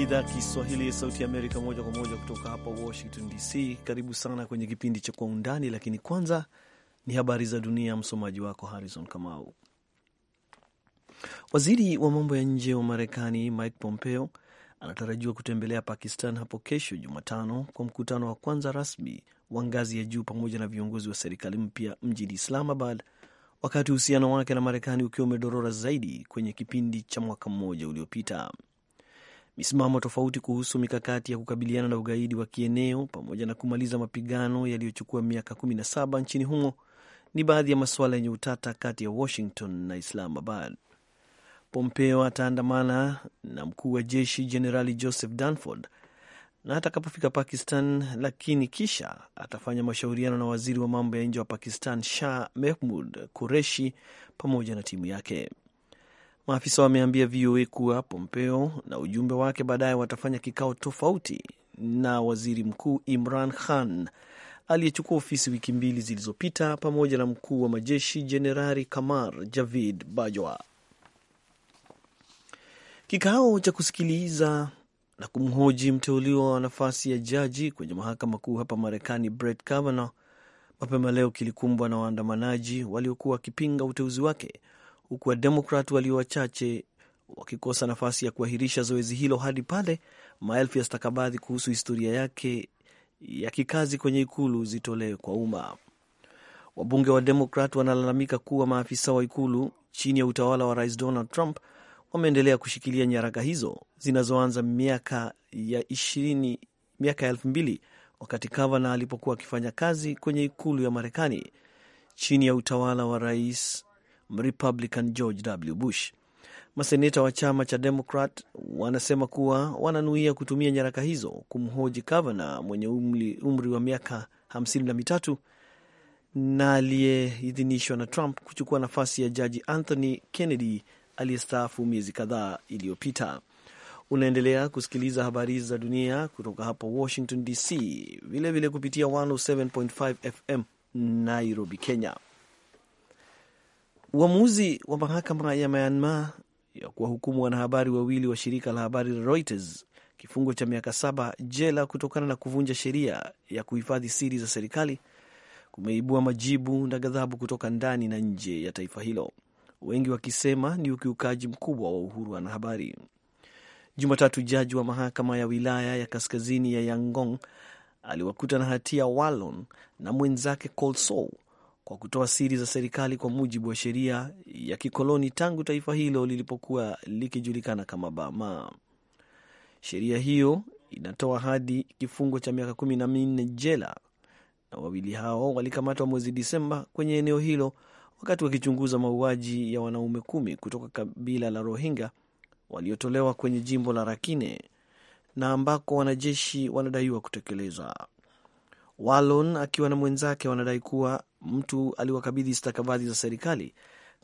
ni idhaa Kiswahili ya Sauti Amerika moja kwa moja kutoka hapa Washington DC. Karibu sana kwenye kipindi cha Kwa Undani, lakini kwanza ni habari za dunia. Msomaji wako Harrison Kamau. Waziri wa mambo ya nje wa Marekani Mike Pompeo anatarajiwa kutembelea Pakistan hapo kesho Jumatano kwa mkutano wa kwanza rasmi wa ngazi ya juu pamoja na viongozi wa serikali mpya mjini Islamabad, wakati uhusiano wake na Marekani ukiwa umedorora zaidi kwenye kipindi cha mwaka mmoja uliopita misimamo tofauti kuhusu mikakati ya kukabiliana na ugaidi wa kieneo pamoja na kumaliza mapigano yaliyochukua miaka 17 nchini humo ni baadhi ya masuala yenye utata kati ya Washington na Islamabad. Pompeo ataandamana na mkuu wa jeshi Jenerali Joseph Dunford na atakapofika Pakistan, lakini kisha atafanya mashauriano na waziri wa mambo ya nje wa Pakistan Shah Mehmud kureshi pamoja na timu yake. Maafisa wameambia VOA kuwa Pompeo na ujumbe wake baadaye watafanya kikao tofauti na waziri mkuu Imran Khan aliyechukua ofisi wiki mbili zilizopita pamoja na mkuu wa majeshi Jenerali Kamar Javid Bajwa. Kikao cha kusikiliza na kumhoji mteuliwa wa nafasi ya jaji kwenye mahakama kuu hapa Marekani Brett Kavanaugh mapema leo kilikumbwa na waandamanaji waliokuwa wakipinga uteuzi wake huku Wademokrat walio wachache wakikosa nafasi ya kuahirisha zoezi hilo hadi pale maelfu ya stakabadhi kuhusu historia yake ya kikazi kwenye ikulu zitolewe kwa umma. Wabunge wa Demokrat wanalalamika kuwa maafisa wa ikulu chini ya utawala wa Rais Donald Trump wameendelea kushikilia nyaraka hizo zinazoanza miaka ya ishirini miaka ya elfu mbili wakati Kavana alipokuwa akifanya kazi kwenye ikulu ya Marekani chini ya utawala wa Rais Republican George W. Bush. Maseneta wa chama cha democrat wanasema kuwa wananuia kutumia nyaraka hizo kumhoji Kavanaugh mwenye umri, umri wa miaka hamsini na mitatu na aliyeidhinishwa na Trump kuchukua nafasi ya jaji Anthony Kennedy aliyestaafu miezi kadhaa iliyopita. Unaendelea kusikiliza habari za dunia kutoka hapa Washington DC, vilevile kupitia 107.5 FM Nairobi, Kenya. Uamuzi wa mahakama ya Myanmar ya kuwahukumu wanahabari wawili wa shirika la habari la Reuters kifungo cha miaka saba jela kutokana na kuvunja sheria ya kuhifadhi siri za serikali kumeibua majibu na ghadhabu kutoka ndani na nje ya taifa hilo, wengi wakisema ni ukiukaji mkubwa wa uhuru wa wanahabari. Jumatatu, jaji wa mahakama ya wilaya ya kaskazini ya Yangon aliwakuta na hatia walon na mwenzake Col kwa kutoa siri za serikali kwa mujibu wa sheria ya kikoloni tangu taifa hilo lilipokuwa likijulikana kama bama Sheria hiyo inatoa hadi kifungo cha miaka kumi na minne jela, na wawili hao walikamatwa mwezi Disemba kwenye eneo hilo wakati wakichunguza mauaji ya wanaume kumi kutoka kabila la Rohingya waliotolewa kwenye jimbo la Rakhine na ambako wanajeshi wanadaiwa kutekeleza. Walon akiwa na mwenzake wanadai kuwa mtu aliwakabidhi stakabadhi za serikali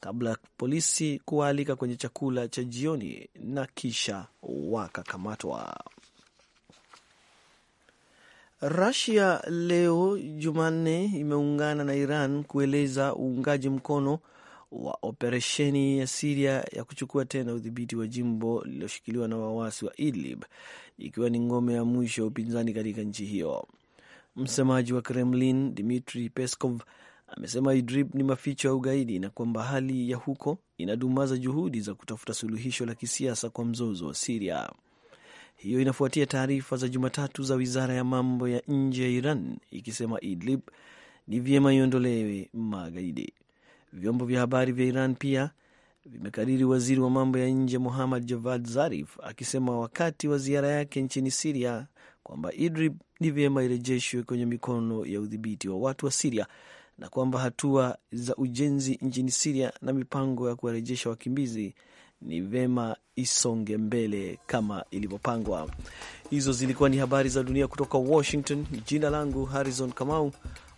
kabla polisi kuwaalika kwenye chakula cha jioni na kisha wakakamatwa. rasia leo Jumanne imeungana na Iran kueleza uungaji mkono wa operesheni ya Siria ya kuchukua tena udhibiti wa jimbo lililoshikiliwa na waasi wa Idlib, ikiwa ni ngome ya mwisho ya upinzani katika nchi hiyo. Msemaji wa Kremlin Dmitri Peskov amesema Idlib ni maficho ya ugaidi na kwamba hali ya huko inadumaza juhudi za kutafuta suluhisho la kisiasa kwa mzozo wa Siria. Hiyo inafuatia taarifa za Jumatatu za wizara ya mambo ya nje ya Iran ikisema Idlib ni vyema iondolewe magaidi. Vyombo vya habari vya Iran pia vimekariri waziri wa mambo ya nje Muhammad Javad Zarif akisema wakati wa ziara yake nchini Siria kwamba Idlib ni vyema irejeshwe kwenye mikono ya udhibiti wa watu wa Siria na kwamba hatua za ujenzi nchini Siria na mipango ya kuwarejesha wakimbizi ni vyema isonge mbele kama ilivyopangwa. Hizo zilikuwa ni habari za dunia kutoka Washington. Jina langu Harrison Kamau.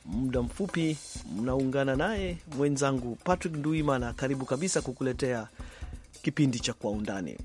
Muda mfupi mnaungana naye mwenzangu Patrick Nduimana, karibu kabisa kukuletea kipindi cha Kwa Undani.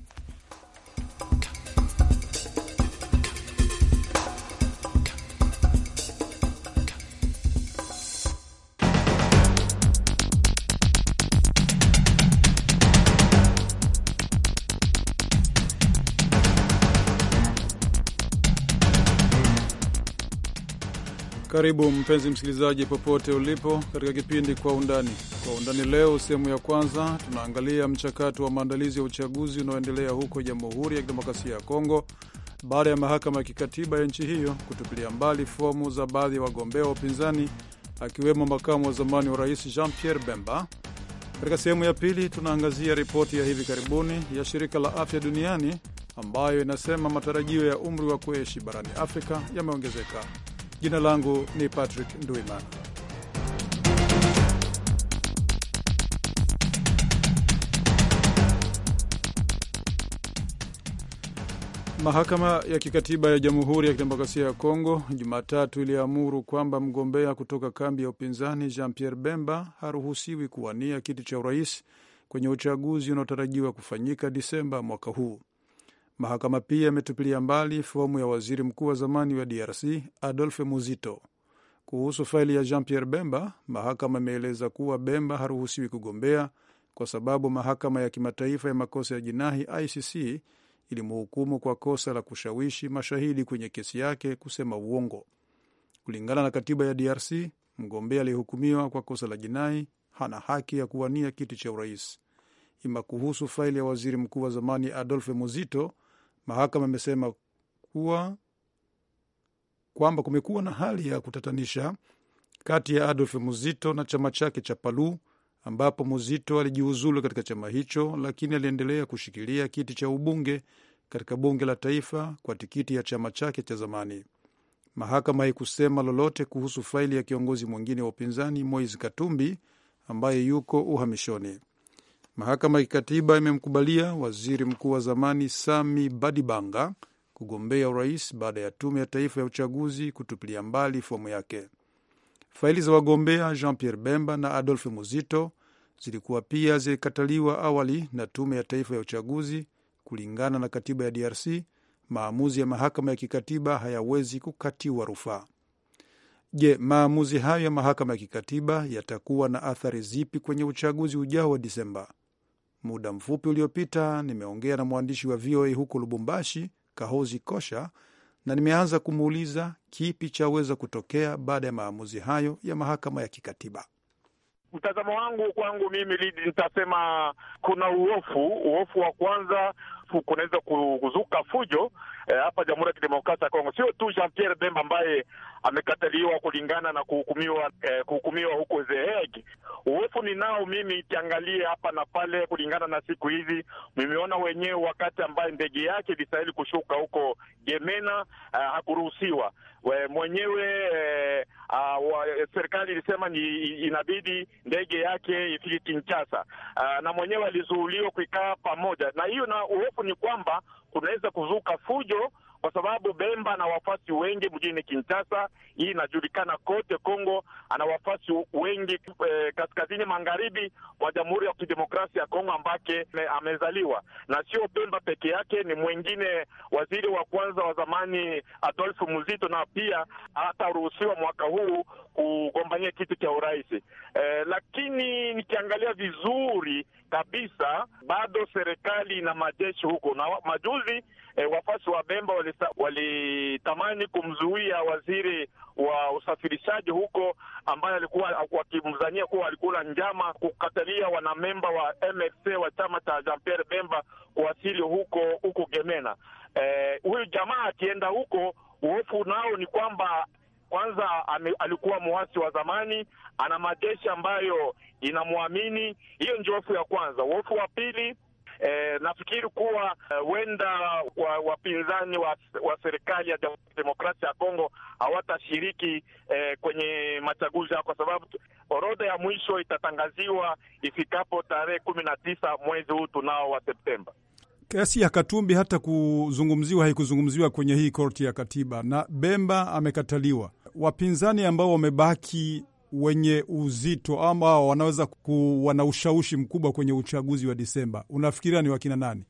Karibu mpenzi msikilizaji, popote ulipo katika kipindi kwa undani. Kwa undani leo, sehemu ya kwanza, tunaangalia mchakato wa maandalizi ya uchaguzi unaoendelea huko Jamhuri ya Kidemokrasia ya Kongo baada ya mahakama ya kikatiba ya nchi hiyo kutupilia mbali fomu za baadhi ya wagombea wa upinzani akiwemo makamu wa zamani wa rais Jean Pierre Bemba. Katika sehemu ya pili, tunaangazia ripoti ya hivi karibuni ya shirika la afya duniani ambayo inasema matarajio ya umri wa kuishi barani Afrika yameongezeka. Jina langu ni Patrick Ndwimana. Mahakama ya Kikatiba ya Jamhuri ya Kidemokrasia ya Kongo Jumatatu iliamuru kwamba mgombea kutoka kambi ya upinzani Jean Pierre Bemba haruhusiwi kuwania kiti cha urais kwenye uchaguzi unaotarajiwa kufanyika Disemba mwaka huu. Mahakama pia imetupilia mbali fomu ya waziri mkuu wa zamani wa DRC adolfe Muzito. Kuhusu faili ya Jean Pierre Bemba, mahakama imeeleza kuwa Bemba haruhusiwi kugombea kwa sababu mahakama ya kimataifa ya makosa ya jinai ICC ilimhukumu kwa kosa la kushawishi mashahidi kwenye kesi yake kusema uongo. Kulingana na katiba ya DRC, mgombea aliyehukumiwa kwa kosa la jinai hana haki ya kuwania kiti cha urais. Ima kuhusu faili ya waziri mkuu wa zamani Adolphe Muzito, Mahakama imesema kuwa kwamba kumekuwa na hali ya kutatanisha kati ya Adolf Muzito na chama chake cha Palu, ambapo Muzito alijiuzulu katika chama hicho, lakini aliendelea kushikilia kiti cha ubunge katika bunge la taifa kwa tikiti ya chama chake cha zamani. Mahakama haikusema lolote kuhusu faili ya kiongozi mwingine wa upinzani Moise Katumbi ambaye yuko uhamishoni. Mahakama ya Kikatiba imemkubalia waziri mkuu wa zamani Sami Badibanga kugombea urais baada ya tume ya taifa ya uchaguzi kutupilia mbali fomu yake. Faili za wagombea Jean Pierre Bemba na adolfe Muzito zilikuwa pia zilikataliwa awali na tume ya taifa ya uchaguzi. Kulingana na katiba ya DRC, maamuzi ya mahakama ya kikatiba hayawezi kukatiwa rufaa. Je, maamuzi hayo ya mahakama ya kikatiba yatakuwa na athari zipi kwenye uchaguzi ujao wa Disemba? Muda mfupi uliopita nimeongea na mwandishi wa VOA huko Lubumbashi, Kahozi Kosha, na nimeanza kumuuliza kipi chaweza kutokea baada ya maamuzi hayo ya mahakama ya kikatiba. Mtazamo wangu kwangu mimi lidi, nitasema kuna uofu. Uofu wa kwanza kunaweza kuzuka fujo Eh, hapa eh, Jamhuri ya Kidemokrasia ya Kongo. Sio tu Jean Pierre Bemba ambaye amekataliwa kulingana na kuhukumiwa eh, kuhukumiwa huko The Hague. Uwefu ninao mimi, ikiangalie hapa na pale kulingana na siku hizi, mimeona wenyewe wakati ambaye ndege yake ilistahili kushuka huko Gemena, eh, hakuruhusiwa We mwenyewe eh, ah, wa, serikali ilisema ni inabidi ndege yake ifike Kinshasa. ah, na mwenyewe alizuuliwa kuikaa pamoja na hiyo, na uhofu ni kwamba kunaweza kuzuka fujo kwa sababu Bemba ana wafasi wengi mjini Kinshasa, hii inajulikana kote Kongo, ana wafasi wengi eh, kaskazini magharibi mwa Jamhuri ya Kidemokrasia ya Kongo ambake eh, amezaliwa, na sio Bemba peke yake, ni mwengine waziri wa kwanza wa zamani Adolf Muzito, na pia hataruhusiwa mwaka huu kugombania kiti cha urais eh, lakini nikiangalia vizuri kabisa bado serikali na majeshi huko na majuzi e, wafuasi wa Bemba walitamani wali kumzuia waziri wa usafirishaji huko, ambaye alikuwa wakimzania kuwa alikula njama kukatalia wanamemba wa MFC wa chama cha Jean Pierre Bemba kuwasili huko huko Gemena. E, huyu jamaa akienda huko, uhofu nao ni kwamba kwanza ame, alikuwa mwasi wa zamani, ana majeshi ambayo inamwamini. Hiyo ndio hofu ya kwanza. Hofu wa pili E, nafikiri kuwa eh, huenda uh, wapinzani wa, wa serikali ya ya Demokrasia ya Kongo hawatashiriki eh, kwenye machaguzi kwa sababu orodha ya mwisho itatangaziwa ifikapo tarehe kumi na tisa mwezi huu tunao wa Septemba. Kesi ya Katumbi hata kuzungumziwa haikuzungumziwa kwenye hii korti ya katiba, na Bemba amekataliwa. Wapinzani ambao wamebaki wenye uzito ama wanaweza kuwa na ushawishi mkubwa kwenye uchaguzi wa Disemba, unafikiria ni wakina nani?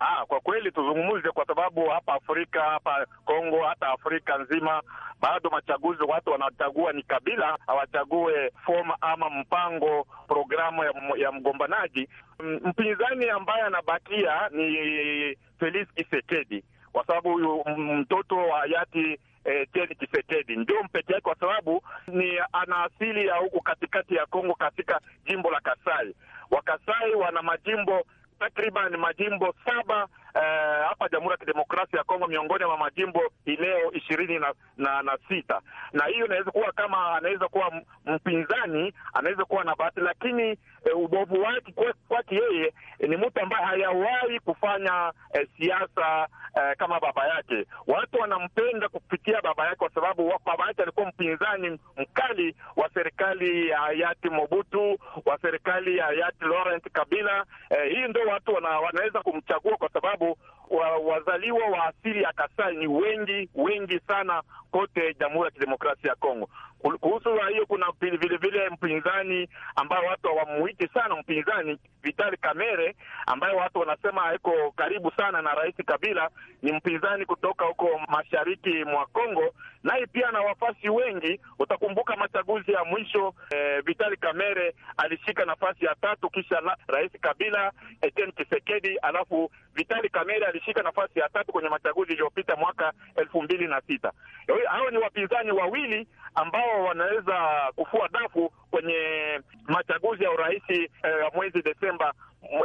Ah, kwa kweli tuzungumze, kwa sababu hapa Afrika, hapa Kongo, hata Afrika nzima bado machaguzi, watu wanachagua ni kabila, hawachague foma ama mpango programu ya, ya mgombanaji. Mpinzani ambaye anabakia ni Felix kisekedi kwa sababu mtoto wa hayati eh, Teni Tshisekedi ndio mpeke yake, kwa sababu ni ana asili ya huku katikati ya Kongo, katika jimbo la Kasai. Wakasai wana majimbo takriban majimbo saba Eh, hapa uh, Jamhuri ya Kidemokrasia ya Kongo miongoni mwa majimbo ileo ishirini na, na, na sita, na hiyo inaweza kuwa kama anaweza kuwa mpinzani anaweza kuwa na bahati, lakini uh, ubovu wake kwake yeye eh, ni mtu ambaye hayawahi kufanya uh, siasa uh, kama baba yake. Watu wanampenda kupitia baba yake kwa sababu baba yake alikuwa mpinzani mkali wa serikali ya hayati Mobutu, wa serikali ya hayati Laurent Kabila. Uh, hii ndo watu wana, wanaweza kumchagua kwa sababu sababu wa, wazaliwa wa asili ya Kasai ni wengi wengi sana kote Jamhuri ya Kidemokrasia ya Kongo. Kuhusu hiyo, kuna vile vile mpinzani ambayo watu hawamuiti sana mpinzani, Vitali Kamere, ambaye watu wanasema iko karibu sana na Rais Kabila. Ni mpinzani kutoka huko mashariki mwa Kongo, naye pia na wafasi wengi. Utakumbuka machaguzi ya mwisho eh, Vitali Kamere alishika nafasi ya tatu kisha la, Rais Kabila, Etienne Tshisekedi, alafu Vitali Kamere alishika nafasi ya tatu kwenye machaguzi iliyopita mwaka elfu mbili na sita. Hao ni wapinzani wawili ambao ambao wanaweza kufua dafu kwenye machaguzi ya urais eh, ya eh, mwezi Desemba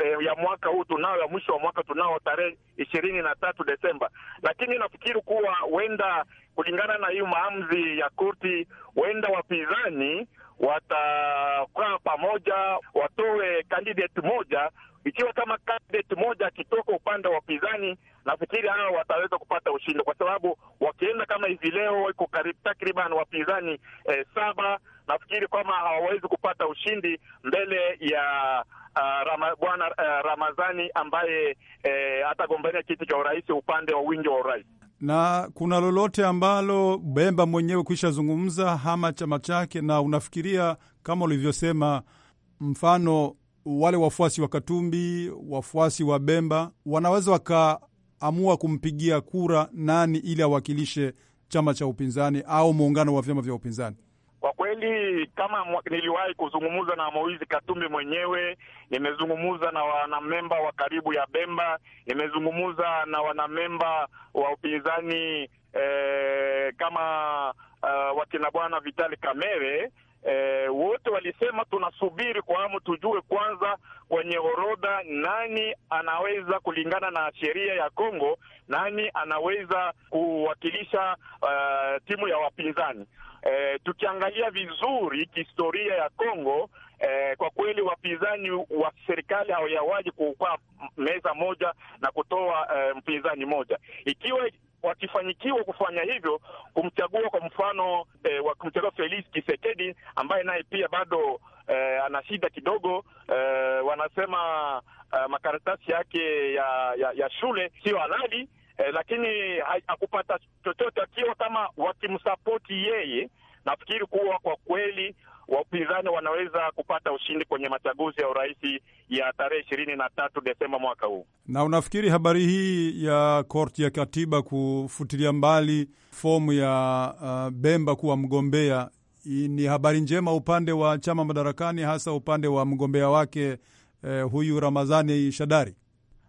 eh, ya mwaka huu tunao, ya mwisho wa mwaka tunao tarehe ishirini na tatu Desemba. Lakini nafikiri kuwa huenda kulingana na hiyo maamuzi ya kurti, huenda wapinzani watakaa pamoja, watoe kandidati moja ikiwa kama kandidate moja akitoka upande wa upinzani, nafikiri hawa wataweza kupata ushindi, kwa sababu wakienda kama hivi leo, iko karibu takriban wapinzani eh, saba. Nafikiri kwamba hawawezi kupata ushindi mbele ya Uh, Rama, Bwana uh, Ramazani ambaye eh, atagombania kiti cha urais upande wa wingi wa urais. Na kuna lolote ambalo Bemba mwenyewe kuisha zungumza hama chama chake, na unafikiria kama ulivyosema, mfano wale wafuasi wa Katumbi, wafuasi wa Bemba wanaweza wakaamua kumpigia kura nani ili awakilishe chama cha upinzani au muungano wa vyama vya upinzani? Kwa kweli kama niliwahi kuzungumza na Moizi Katumbi mwenyewe, nimezungumza na wanamemba wa karibu ya Bemba, nimezungumza na wanamemba wa upinzani eh, kama uh, wakina bwana Vitali Kamere E, wote walisema tunasubiri kwa hamu tujue kwanza kwenye orodha nani anaweza kulingana na sheria ya Kongo, nani anaweza kuwakilisha uh, timu ya wapinzani. E, tukiangalia vizuri kihistoria ya Kongo e, kwa kweli wapinzani wa serikali hawayawaji kukaa meza moja na kutoa e, mpinzani moja ikiwa wakifanyikiwa kufanya hivyo, kumchagua kwa mfano eh, wakimchagua Felix Tshisekedi ambaye naye pia bado eh, ana shida kidogo eh, wanasema eh, makaratasi yake ya, ya, ya shule siyo halali eh, lakini hakupata chochote akiwa kama wakimsapoti yeye. Nafikiri kuwa kwa kweli wapinzani wanaweza kupata ushindi kwenye machaguzi ya urais ya tarehe ishirini na tatu Desemba mwaka huu. Na unafikiri habari hii ya korti ya katiba kufutilia mbali fomu ya uh, Bemba kuwa mgombea ni habari njema upande wa chama madarakani, hasa upande wa mgombea wake eh, huyu Ramazani Shadari?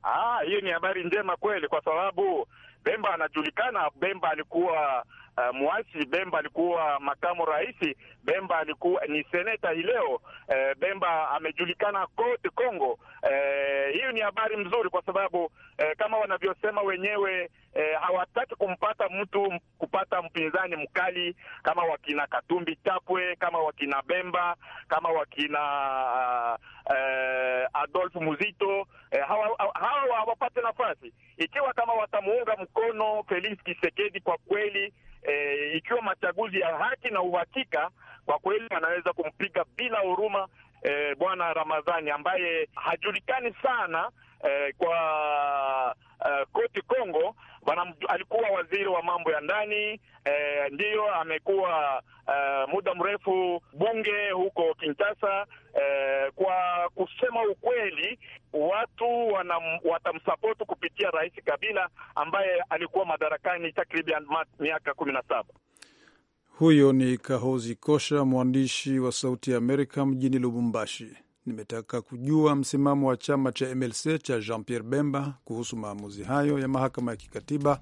Ah, hiyo ni habari njema kweli, kwa sababu Bemba anajulikana. Bemba alikuwa uh, eh, Muachi Bemba alikuwa makamu rais, Bemba alikuwa ni seneta leo. Uh, Bemba amejulikana kote Kongo. Eh, hiyo ni habari mzuri kwa sababu uh, kama wanavyosema wenyewe uh, hawataki kumpata mtu kupata mpinzani mkali kama wakina Katumbi Chapwe, kama wakina Bemba, kama wakina uh, uh, Adolf Muzito uh, hawa hawapate nafasi, ikiwa kama watamuunga mkono Felix Tshisekedi kwa kweli e, ikiwa machaguzi ya haki na uhakika, kwa kweli anaweza kumpiga bila huruma e, bwana Ramadhani ambaye hajulikani sana eh, kwa eh, koti Kongo Banam, alikuwa waziri wa mambo ya ndani eh, ndiyo amekuwa eh, muda mrefu bunge huko Kinshasa. Eh, kwa kusema ukweli, watu watamsapoti kupitia Rais Kabila ambaye alikuwa madarakani takriban miaka kumi na saba. Huyo ni Kahozi Kosha, mwandishi wa Sauti ya Amerika mjini Lubumbashi nimetaka kujua msimamo wa chama cha MLC cha Jean Pierre Bemba kuhusu maamuzi hayo ya mahakama ya kikatiba,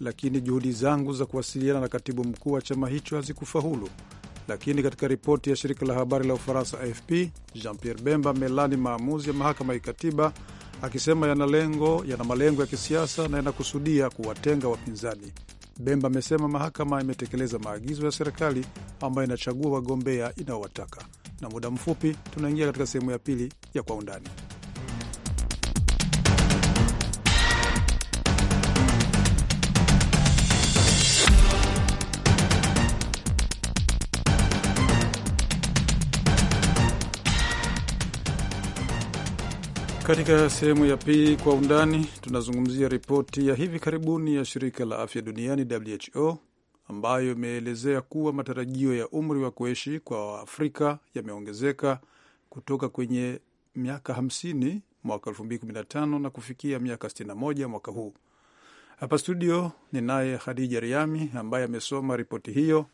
lakini juhudi zangu za kuwasiliana na katibu mkuu wa chama hicho hazikufaulu. Lakini katika ripoti ya shirika la habari la Ufaransa AFP, Jean Pierre Bemba amelani maamuzi ya mahakama ya kikatiba akisema yana lengo, yana malengo ya kisiasa na yanakusudia kuwatenga wapinzani. Bemba amesema mahakama imetekeleza maagizo ya serikali ambayo inachagua wagombea inayowataka Na muda mfupi tunaingia katika sehemu ya pili ya Kwa Undani. Katika sehemu ya pili kwa undani, tunazungumzia ripoti ya hivi karibuni ya shirika la afya duniani WHO ambayo imeelezea kuwa matarajio ya umri wa kuishi kwa afrika yameongezeka kutoka kwenye miaka 50 mwaka 2015 na kufikia miaka 61 mwaka huu. Hapa studio ni naye Khadija Riami ambaye amesoma ripoti hiyo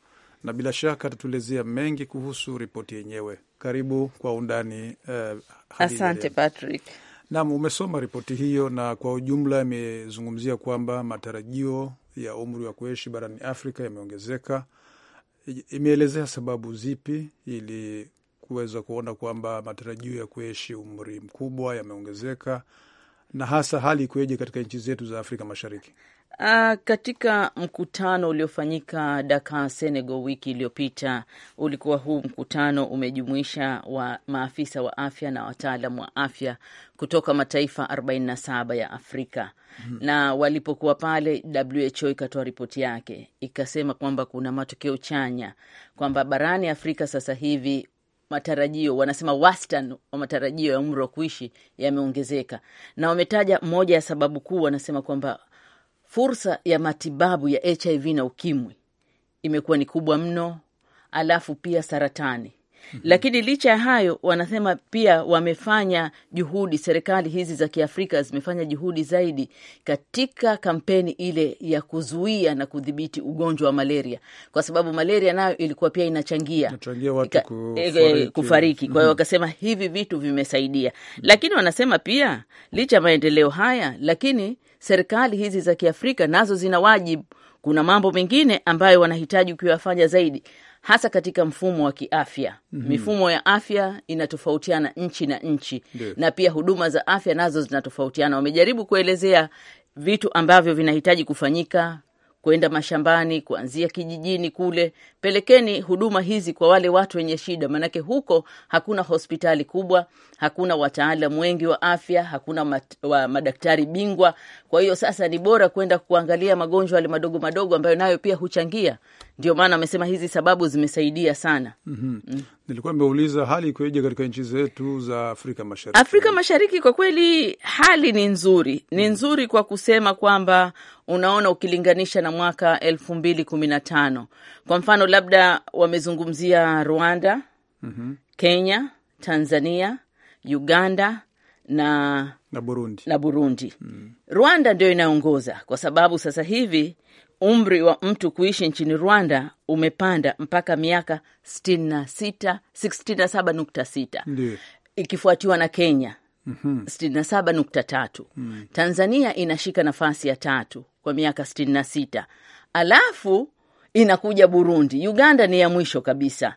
na bila shaka atatuelezea mengi kuhusu ripoti yenyewe. Karibu kwa undani. Uh, asante Patrick. Naam, umesoma ripoti hiyo, na kwa ujumla imezungumzia kwamba matarajio ya umri wa kuishi barani Afrika yameongezeka. Imeelezea sababu zipi ili kuweza kuona kwamba matarajio ya kuishi umri mkubwa yameongezeka, na hasa hali ikueje katika nchi zetu za Afrika Mashariki? Uh, katika mkutano uliofanyika Dakar, Senegal wiki iliyopita, ulikuwa huu mkutano umejumuisha wa maafisa wa afya na wataalam wa afya kutoka mataifa 47 ya Afrika mm -hmm. Na walipokuwa pale, WHO ikatoa ripoti yake ikasema kwamba kuna matokeo chanya kwamba barani Afrika sasa hivi matarajio wanasema wastani wa matarajio ya umri wa kuishi yameongezeka, na wametaja moja ya sababu kuu, wanasema kwamba fursa ya matibabu ya HIV na ukimwi imekuwa ni kubwa mno, alafu pia saratani Mm -hmm. Lakini licha ya hayo wanasema pia wamefanya juhudi, serikali hizi za Kiafrika zimefanya juhudi zaidi katika kampeni ile ya kuzuia na kudhibiti ugonjwa wa malaria, kwa sababu malaria nayo ilikuwa pia inachangia inachangia watu kufariki, eh, eh, kufariki. Kwa hiyo mhm. wakasema hivi vitu vimesaidia, mhm. lakini wanasema pia licha ya maendeleo haya, lakini serikali hizi za Kiafrika nazo zina wajibu. Kuna mambo mengine ambayo wanahitaji kuyafanya zaidi, hasa katika mfumo wa kiafya. mm -hmm. Mifumo ya afya inatofautiana nchi na nchi De. na pia huduma za afya nazo zinatofautiana. Wamejaribu kuelezea vitu ambavyo vinahitaji kufanyika kwenda mashambani, kuanzia kijijini kule. Pelekeni huduma hizi kwa wale watu wenye shida, maanake huko hakuna hospitali kubwa, hakuna wataalam wengi wa afya, hakuna mat, wa madaktari bingwa. Kwa hiyo sasa ni bora kwenda kuangalia magonjwa yale madogo madogo ambayo nayo pia huchangia ndio maana amesema hizi sababu zimesaidia sana. mm -hmm. mm. Nilikuwa nimeuliza hali ikoje katika nchi zetu za Afrika Mashariki. Afrika Mashariki kwa kweli hali ni nzuri, ni mm. nzuri kwa kusema kwamba unaona, ukilinganisha na mwaka elfu mbili kumi na tano kwa mfano, labda wamezungumzia Rwanda, mm -hmm. Kenya, Tanzania, Uganda na na Burundi, na Burundi. Mm. Rwanda ndio inaongoza kwa sababu sasa hivi umri wa mtu kuishi nchini Rwanda umepanda mpaka miaka sitini saba nukta sita ikifuatiwa na Kenya mhm. sitini na saba nukta tatu mm. Tanzania inashika nafasi ya tatu kwa miaka sitini na sita alafu inakuja Burundi. Uganda ni ya mwisho kabisa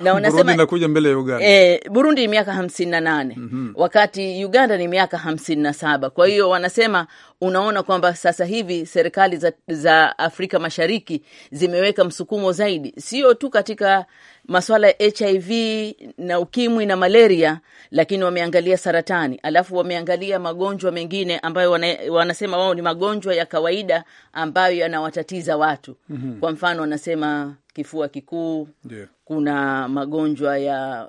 na unasema Burundi inakuja mbele ya Uganda. Eh, Burundi ni miaka hamsini na nane mm -hmm. wakati Uganda ni miaka hamsini na saba kwa hiyo wanasema unaona kwamba sasa hivi serikali za, za Afrika Mashariki zimeweka msukumo zaidi, sio tu katika masuala ya HIV na ukimwi na malaria, lakini wameangalia saratani, alafu wameangalia magonjwa mengine ambayo wana, wanasema wao ni magonjwa ya kawaida ambayo yanawatatiza watu mm -hmm. Kwa mfano wanasema kifua kikuu yeah. Kuna magonjwa ya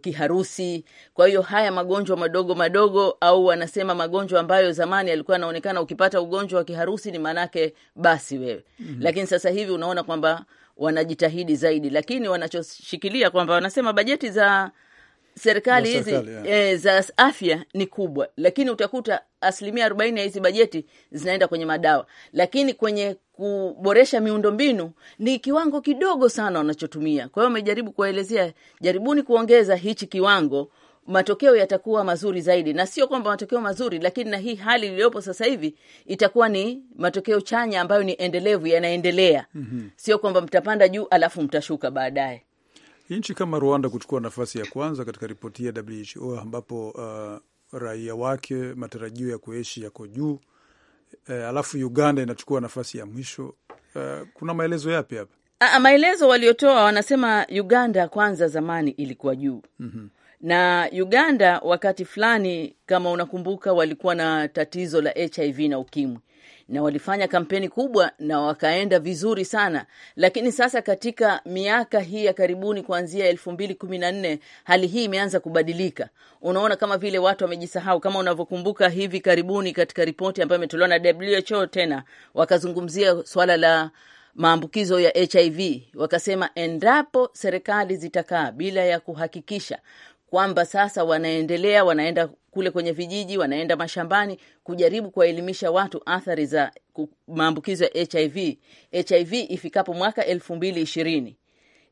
kiharusi. Kwa hiyo haya magonjwa madogo madogo, au wanasema magonjwa ambayo zamani yalikuwa yanaonekana ukipata ugonjwa wa kiharusi ni maanake basi wewe mm -hmm. Lakini sasa hivi unaona kwamba wanajitahidi zaidi, lakini wanachoshikilia kwamba wanasema bajeti za serikali hizi e, za afya ni kubwa, lakini utakuta asilimia arobaini ya hizi bajeti zinaenda kwenye madawa, lakini kwenye kuboresha miundombinu ni kiwango kidogo sana wanachotumia. Kwa hiyo wamejaribu kuwaelezea, jaribuni kuongeza hichi kiwango matokeo yatakuwa mazuri zaidi, na sio kwamba matokeo mazuri, lakini na hii hali iliyopo sasa hivi itakuwa ni matokeo chanya ambayo ni endelevu, yanaendelea. mm -hmm. Sio kwamba mtapanda juu alafu mtashuka baadaye. Nchi kama Rwanda kuchukua nafasi ya kwanza katika ripoti ya WHO ambapo uh, raia wake matarajio ya kuishi yako juu uh, alafu Uganda inachukua nafasi ya mwisho. Uh, kuna maelezo yapi hapa? Maelezo waliotoa wanasema Uganda kwanza zamani ilikuwa juu. mm -hmm na Uganda wakati fulani, kama unakumbuka, walikuwa na tatizo la HIV na ukimwi na walifanya kampeni kubwa na wakaenda vizuri sana, lakini sasa katika miaka hii ya karibuni kuanzia elfu mbili kumi na nne hali hii imeanza kubadilika. Unaona kama vile watu wamejisahau, kama unavyokumbuka hivi karibuni katika ripoti ambayo imetolewa na WHO tena wakazungumzia swala la maambukizo ya HIV wakasema, endapo serikali zitakaa bila ya kuhakikisha kwamba sasa wanaendelea wanaenda kule kwenye vijiji, wanaenda mashambani kujaribu kuwaelimisha watu athari za maambukizo ya HIV. HIV ifikapo mwaka elfu mbili ishirini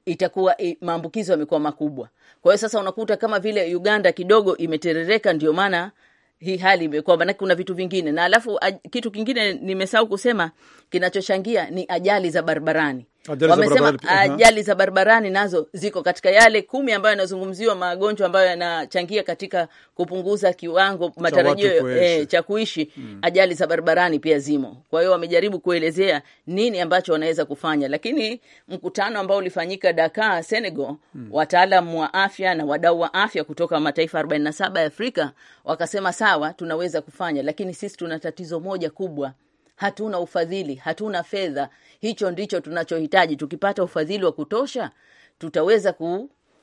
itakuwa maambukizo yamekuwa makubwa. Kwa hiyo sasa unakuta kama vile Uganda kidogo imeterereka, ndio maana hii hali imekuwa, maanake kuna vitu vingine. Na alafu kitu kingine nimesahau kusema kinachochangia ni ajali za barabarani wamesema ajali za barabarani nazo ziko katika yale kumi ambayo yanazungumziwa, magonjwa ambayo yanachangia katika kupunguza kiwango matarajio eh, cha kuishi mm. Ajali za barabarani pia zimo. Kwa hiyo wamejaribu kuelezea nini ambacho wanaweza kufanya, lakini mkutano ambao ulifanyika Dakar, Senegal mm. wataalam wa afya na wadau wa afya kutoka mataifa 47 ya Afrika wakasema sawa, tunaweza kufanya, lakini sisi tuna tatizo moja kubwa hatuna ufadhili, hatuna fedha. Hicho ndicho tunachohitaji. Tukipata ufadhili wa kutosha, tutaweza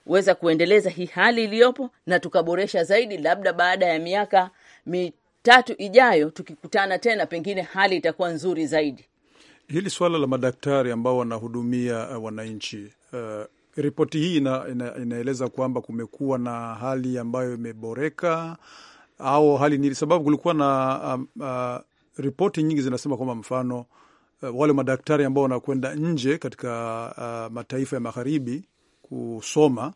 kuweza kuendeleza hii hali iliyopo na tukaboresha zaidi, labda baada ya miaka mitatu ijayo tukikutana tena, pengine hali itakuwa nzuri zaidi. Hili suala la madaktari ambao wanahudumia uh, wananchi uh, ripoti hii ina, ina, inaeleza kwamba kumekuwa na hali ambayo imeboreka au hali ni sababu kulikuwa na um, uh, ripoti nyingi zinasema kwamba mfano eh, wale madaktari ambao wanakwenda nje katika uh, mataifa ya magharibi kusoma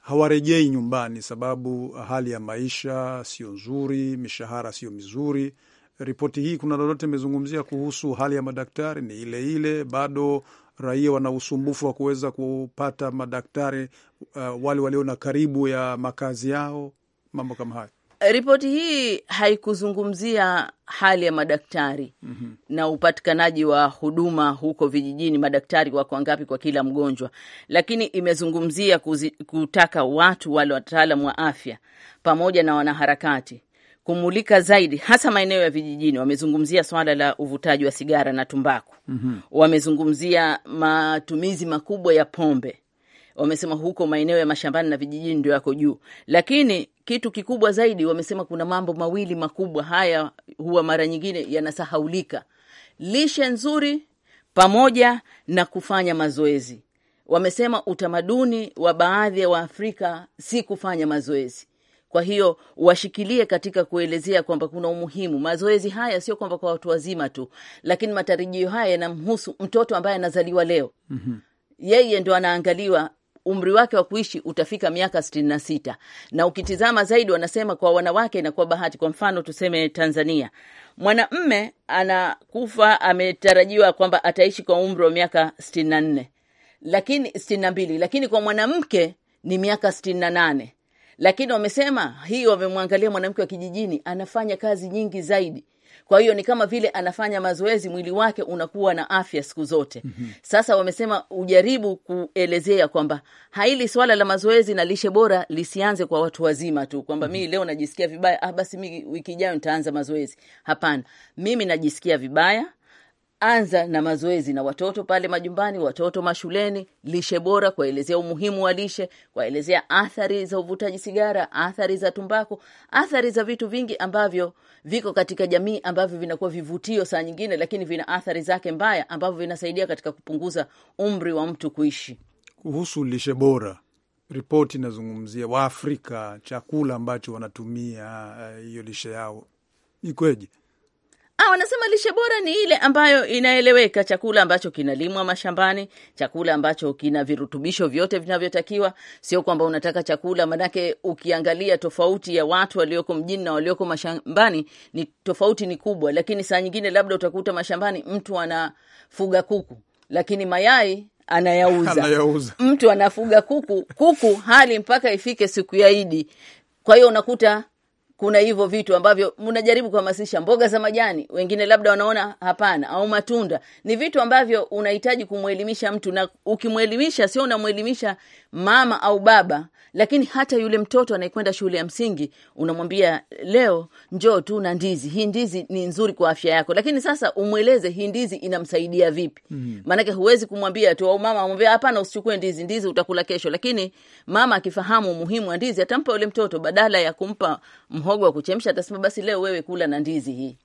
hawarejei nyumbani, sababu hali ya maisha sio nzuri, mishahara sio mizuri. Ripoti hii kuna lolote imezungumzia kuhusu hali ya madaktari? Ni ile ile bado, raia wana usumbufu wa kuweza kupata madaktari uh, wale walio na karibu ya makazi yao, mambo kama hayo. Ripoti hii haikuzungumzia hali ya madaktari mm -hmm. na upatikanaji wa huduma huko vijijini, madaktari wako wangapi kwa kila mgonjwa, lakini imezungumzia kuzi, kutaka watu wale wataalamu wa afya pamoja na wanaharakati kumulika zaidi hasa maeneo ya vijijini. Wamezungumzia swala la uvutaji wa sigara na tumbaku mm -hmm. wamezungumzia matumizi makubwa ya pombe Wamesema huko maeneo ya mashambani na vijijini ndio yako juu, lakini kitu kikubwa zaidi wamesema kuna mambo mawili makubwa, haya huwa mara nyingine yanasahaulika: lishe nzuri pamoja na kufanya mazoezi. Wamesema utamaduni wa baadhi ya wa Waafrika si kufanya mazoezi kwa hiyo washikilie katika kuelezea kwamba kuna umuhimu mazoezi haya, sio kwamba kwa watu wazima tu, lakini matarajio haya yanamhusu mtoto ambaye anazaliwa leo. mm -hmm. Yeye ndo anaangaliwa umri wake wa kuishi utafika miaka sitini na sita na ukitizama zaidi, wanasema kwa wanawake inakuwa bahati. Kwa mfano tuseme Tanzania, mwanamme anakufa ametarajiwa kwamba ataishi kwa umri wa miaka sitini na nne lakini sitini na mbili lakini kwa mwanamke ni miaka sitini na nane lakini wamesema hii, wamemwangalia mwanamke wa kijijini anafanya kazi nyingi zaidi kwa hiyo ni kama vile anafanya mazoezi, mwili wake unakuwa na afya siku zote. mm -hmm. Sasa wamesema ujaribu kuelezea kwamba haili swala la mazoezi na lishe bora lisianze kwa watu wazima tu, kwamba mm -hmm. mimi leo najisikia vibaya, ah, basi mi wiki ijayo nitaanza mazoezi. Hapana, mimi najisikia vibaya anza na mazoezi na watoto pale majumbani, watoto mashuleni, lishe bora, kuwaelezea umuhimu wa lishe, kuwaelezea athari za uvutaji sigara, athari za tumbaku, athari za vitu vingi ambavyo viko katika jamii ambavyo vinakuwa vivutio saa nyingine, lakini vina athari zake mbaya, ambavyo vinasaidia katika kupunguza umri wa mtu kuishi. Kuhusu lishe bora, ripoti inazungumzia Waafrika, chakula ambacho wanatumia eh, hiyo uh, lishe yao ikweje? Ah, wanasema lishe bora ni ile ambayo inaeleweka, chakula ambacho kinalimwa mashambani, chakula ambacho kina virutubisho vyote vinavyotakiwa, sio kwamba unataka chakula. Manake ukiangalia tofauti ya watu walioko mjini na walioko mashambani ni tofauti ni kubwa, lakini saa nyingine labda utakuta mashambani mtu anafuga kuku lakini mayai anayauza, anayauza. Mtu anafuga kuku kuku hali mpaka ifike siku ya Idi. Kwa hiyo unakuta kuna hivyo vitu ambavyo mnajaribu kuhamasisha, mboga za majani, wengine labda wanaona hapana, au matunda. Ni vitu ambavyo unahitaji kumwelimisha mtu, na ukimwelimisha, sio unamwelimisha mama au baba, lakini hata yule mtoto anayekwenda shule ya msingi unamwambia leo, njoo tu na ndizi hii. Ndizi ni nzuri kwa afya yako, lakini sasa umweleze hii ndizi inamsaidia vipi? Mm. maanake mm-hmm. huwezi kumwambia tu au oh, mama amwambia hapana, usichukue ndizi, ndizi utakula kesho. Lakini mama akifahamu umuhimu wa ndizi, atampa yule mtoto badala ya kumpa mho mhogo wa kuchemsha, atasema basi leo wewe kula na ndizi hii.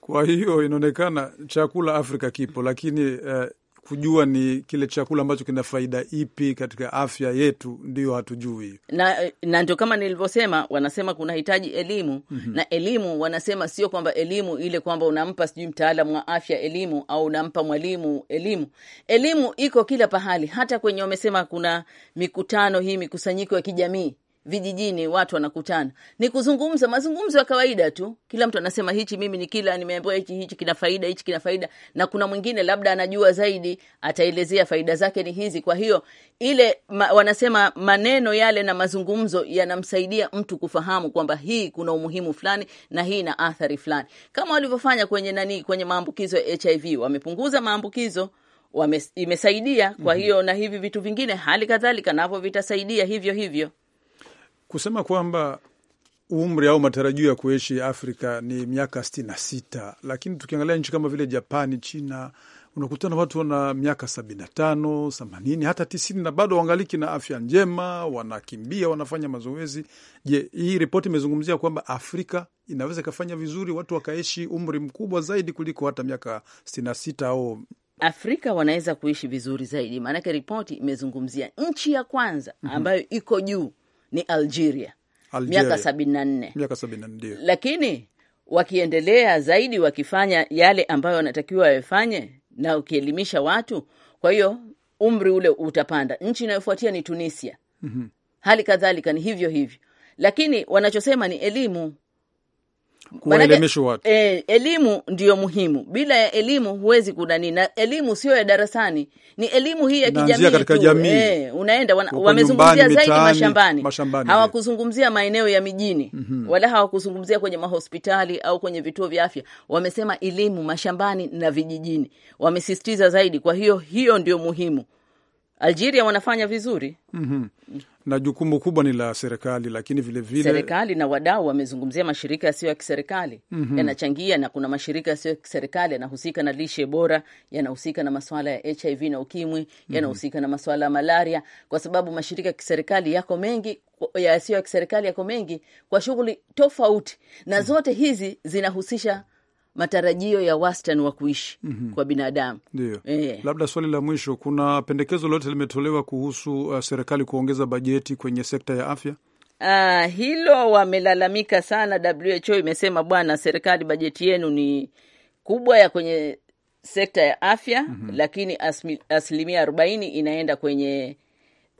Kwa hiyo inaonekana chakula Afrika kipo, lakini uh, kujua ni kile chakula ambacho kina faida ipi katika afya yetu ndiyo hatujui, na, na ndio kama nilivyosema, wanasema kuna hitaji elimu mm -hmm. Na elimu wanasema sio kwamba elimu ile kwamba unampa sijui mtaalamu wa afya elimu au unampa mwalimu elimu. Elimu iko kila pahali, hata kwenye wamesema kuna mikutano hii, mikusanyiko ya kijamii vijijini watu wanakutana, ni kuzungumza mazungumzo ya kawaida tu. Kila mtu anasema hichi, mimi ni kila nimeambiwa hichi, hichi kina faida, hichi kina faida, na kuna mwingine labda anajua zaidi, ataelezea faida zake ni hizi. Kwa hiyo ile ma, wanasema maneno yale na mazungumzo yanamsaidia mtu kufahamu kwamba hii kuna umuhimu fulani na hii na athari fulani, kama walivyofanya kwenye nani, kwenye maambukizo ya HIV wamepunguza maambukizo wame, imesaidia. Kwa mhm. hiyo mm -hmm. na hivi vitu vingine hali kadhalika navyo vitasaidia hivyo hivyo kusema kwamba umri au matarajio ya kuishi Afrika ni miaka sitini na sita, lakini tukiangalia nchi kama vile Japani, China unakutana watu wana miaka sabini na tano themanini hata tisini na bado wangaliki na afya njema, wanakimbia, wanafanya mazoezi. Je, hii ripoti imezungumzia kwamba Afrika inaweza ikafanya vizuri, watu wakaishi umri mkubwa zaidi kuliko hata miaka sitini na sita au Afrika wanaweza kuishi vizuri zaidi? Maanake ripoti imezungumzia nchi ya kwanza mhm. ambayo iko juu ni Algeria, Algeria. miaka sabini na nne miaka sabini na nne ndio, lakini wakiendelea zaidi wakifanya yale ambayo wanatakiwa wafanye na ukielimisha watu, kwa hiyo umri ule utapanda. Nchi inayofuatia ni Tunisia. mm -hmm. hali kadhalika ni hivyo hivyo, lakini wanachosema ni elimu kuwaelimisha watu e, elimu ndiyo muhimu. Bila ya elimu huwezi kudani, na elimu sio ya darasani, ni elimu hii ya kijamii katika jamii e, unaenda wamezungumzia zaidi mashambani, mashambani hawakuzungumzia maeneo ya mijini mm -hmm. wala hawakuzungumzia kwenye mahospitali au kwenye vituo vya afya, wamesema elimu mashambani na vijijini, wamesisitiza zaidi. Kwa hiyo hiyo ndio muhimu. Algeria wanafanya vizuri mm -hmm. na jukumu kubwa ni la serikali, lakini vilevile serikali na wadau wamezungumzia mashirika yasiyo ya kiserikali mm -hmm. yanachangia, na kuna mashirika yasiyo ya kiserikali yanahusika na lishe bora, yanahusika na maswala ya HIV na ukimwi, mhm. yanahusika mm -hmm. na maswala ya malaria, kwa sababu mashirika ya kiserikali yako mengi yasiyo ya kiserikali yako mengi kwa shughuli tofauti, na mhm. zote hizi zinahusisha matarajio ya wastani wa kuishi mm -hmm. kwa binadamu ndio. E. Labda swali la mwisho, kuna pendekezo lolote limetolewa kuhusu uh, serikali kuongeza bajeti kwenye sekta ya afya? Uh, hilo wamelalamika sana. WHO imesema bwana, serikali bajeti yenu ni kubwa ya kwenye sekta ya afya mm -hmm. lakini asilimia arobaini inaenda kwenye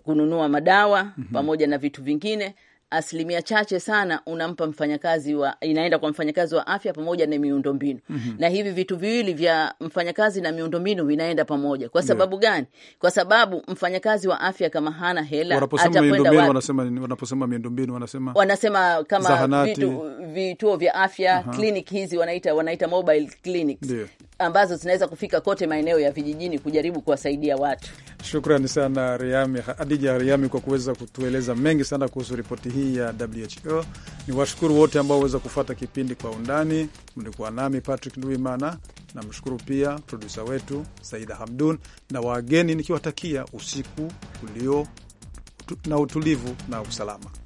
kununua madawa mm -hmm. pamoja na vitu vingine asilimia chache sana unampa mfanyakazi wa inaenda kwa mfanyakazi wa afya pamoja na miundombinu mm -hmm. Na hivi vitu viwili vya mfanyakazi na miundombinu vinaenda pamoja kwa sababu yeah, gani? Kwa sababu mfanyakazi wa afya kama hana hela atakwenda wapi? Wanasema, wanaposema miundombinu wanasema, wanasema kama vitu, vituo vya afya uh -huh. Clinic hizi wanaita wanaita mobile clinics yeah ambazo zinaweza kufika kote maeneo ya vijijini kujaribu kuwasaidia watu. Shukrani sana Riami, Hadija Riami, kwa kuweza kutueleza mengi sana kuhusu ripoti hii ya WHO. Ni washukuru wote ambao waweza kufata kipindi kwa undani. Mlikuwa nami Patrick Nduimana, namshukuru pia produsa wetu Saida Hamdun na wageni, nikiwatakia usiku ulio na utulivu na usalama.